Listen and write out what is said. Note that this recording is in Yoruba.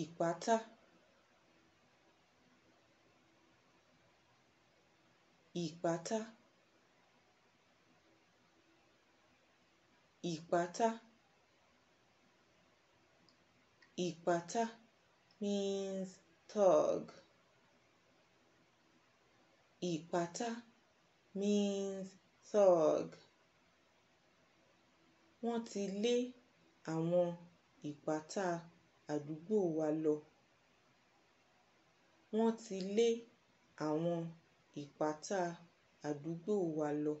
ìpátá ìpátá ìpátá ìpátá means thug ìpátá means thug wọ́n ti lé àwọn ìpátá àdúgbò wa lọ wọ́n ti lé àwọn ìpátá àdúgbò wa lọ